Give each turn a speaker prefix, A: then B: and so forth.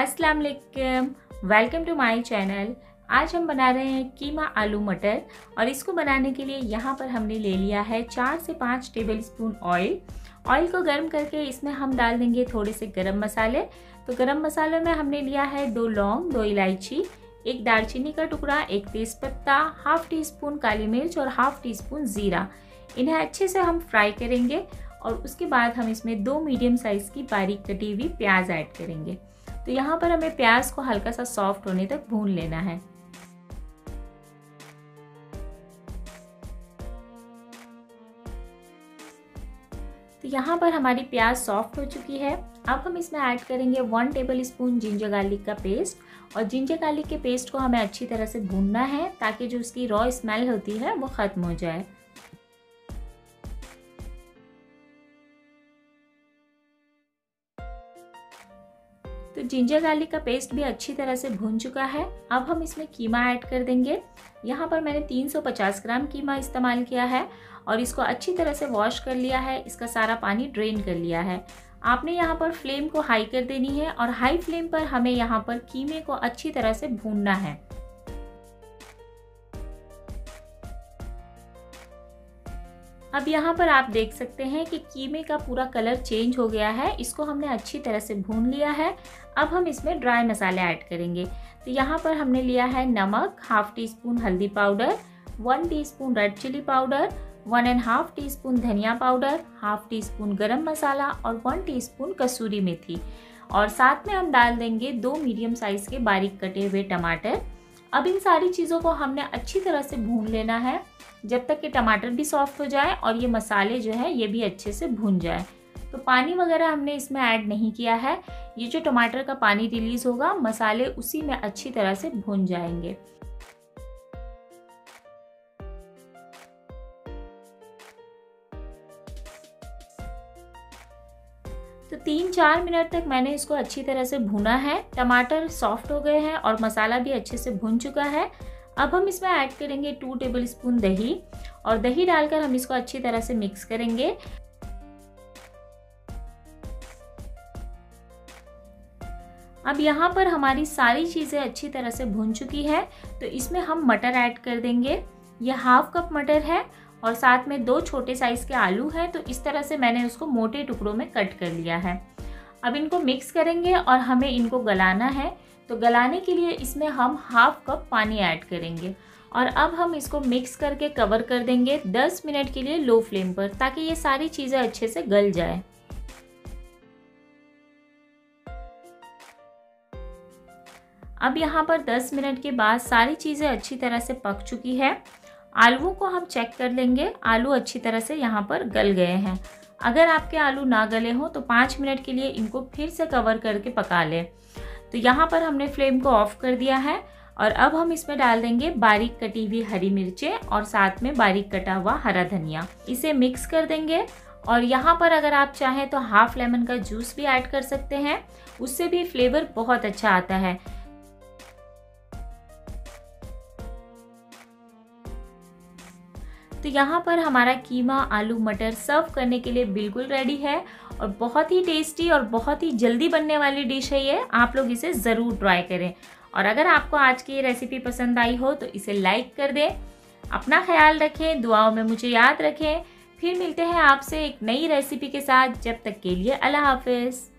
A: अस्सलाम वालेकुम welcome to my channel आज हम बना रहे हैं कीमा आलू मटर और इसको बनाने के लिए यहाँ पर हमने ले लिया है चार से पाँच टेबल स्पून ऑयल ऑयल को गर्म करके इसमें हम डाल देंगे थोड़े से गरम मसाले तो गरम मसालों में हमने लिया है दो लौंग दो इलायची एक दालचीनी का टुकड़ा एक तेज़पत्ता हाफ टी स्पून काली मिर्च और हाफ टी स्पून ज़ीरा इन्हें अच्छे से हम फ्राई करेंगे और उसके बाद हम इसमें दो मीडियम साइज़ की बारीक कटी हुई प्याज ऐड करेंगे तो यहाँ पर हमें प्याज को हल्का सा सॉफ्ट होने तक भून लेना है तो यहाँ पर हमारी प्याज सॉफ्ट हो चुकी है अब हम इसमें ऐड करेंगे one tablespoon ginger garlic का पेस्ट और जिंजर गार्लिक के पेस्ट को हमें अच्छी तरह से भूनना है ताकि जो उसकी रॉ स्मेल होती है वो ख़त्म हो जाए तो जिंजर गार्लिक का पेस्ट भी अच्छी तरह से भून चुका है अब हम इसमें कीमा ऐड कर देंगे यहाँ पर मैंने 350 ग्राम कीमा इस्तेमाल किया है और इसको अच्छी तरह से वॉश कर लिया है इसका सारा पानी ड्रेन कर लिया है आपने यहाँ पर फ्लेम को हाई कर देनी है और हाई फ्लेम पर हमें यहाँ पर कीमे को अच्छी तरह से भूनना है अब यहाँ पर आप देख सकते हैं कि कीमे का पूरा कलर चेंज हो गया है इसको हमने अच्छी तरह से भून लिया है अब हम इसमें ड्राई मसाले ऐड करेंगे तो यहाँ पर हमने लिया है नमक हाफ टी स्पून हल्दी powder one teaspoon red chilli powder one and half teaspoon धनिया पाउडर हाफ टी स्पून गर्म मसाला और वन टी स्पून कसूरी मेथी और साथ में हम डाल देंगे दो मीडियम साइज़ के बारीक कटे हुए टमाटर अब इन सारी चीज़ों को हमने अच्छी तरह से भून लेना है जब तक कि टमाटर भी सॉफ्ट हो जाए और ये मसाले जो है ये भी अच्छे से भून जाए तो पानी वगैरह हमने इसमें ऐड नहीं किया है ये जो टमाटर का पानी रिलीज़ होगा मसाले उसी में अच्छी तरह से भून जाएंगे तो तीन चार मिनट तक मैंने इसको अच्छी तरह से भुना है टमाटर सॉफ्ट हो गए हैं और मसाला भी अच्छे से भुन चुका है अब हम इसमें ऐड करेंगे टू टेबल स्पून दही और दही डालकर हम इसको अच्छी तरह से मिक्स करेंगे अब यहाँ पर हमारी सारी चीज़ें अच्छी तरह से भुन चुकी है तो इसमें हम मटर ऐड कर देंगे यह हाफ कप मटर है और साथ में दो छोटे साइज़ के आलू हैं तो इस तरह से मैंने उसको मोटे टुकड़ों में कट कर लिया है अब इनको मिक्स करेंगे और हमें इनको गलाना है तो गलाने के लिए इसमें हम हाफ कप पानी ऐड करेंगे और अब हम इसको मिक्स करके कवर कर देंगे 10 मिनट के लिए लो फ्लेम पर ताकि ये सारी चीज़ें अच्छे से गल जाए अब यहाँ पर 10 मिनट के बाद सारी चीज़ें अच्छी तरह से पक चुकी है आलूओं को हम चेक कर लेंगे आलू अच्छी तरह से यहाँ पर गल गए हैं अगर आपके आलू ना गले हों तो पाँच मिनट के लिए इनको फिर से कवर करके पका लें तो यहाँ पर हमने फ्लेम को ऑफ कर दिया है और अब हम इसमें डाल देंगे बारीक कटी हुई हरी मिर्चें और साथ में बारीक कटा हुआ हरा धनिया इसे मिक्स कर देंगे और यहाँ पर अगर आप चाहें तो हाफ लेमन का जूस भी ऐड कर सकते हैं उससे भी फ्लेवर बहुत अच्छा आता है तो यहाँ पर हमारा कीमा आलू मटर सर्व करने के लिए बिल्कुल रेडी है और बहुत ही टेस्टी और बहुत ही जल्दी बनने वाली डिश है ये आप लोग इसे ज़रूर ट्राई करें और अगर आपको आज की ये रेसिपी पसंद आई हो तो इसे लाइक कर दें अपना ख्याल रखें दुआओं में मुझे याद रखें फिर मिलते हैं आपसे एक नई रेसिपी के साथ जब तक के लिए अल्लाह हाफिज़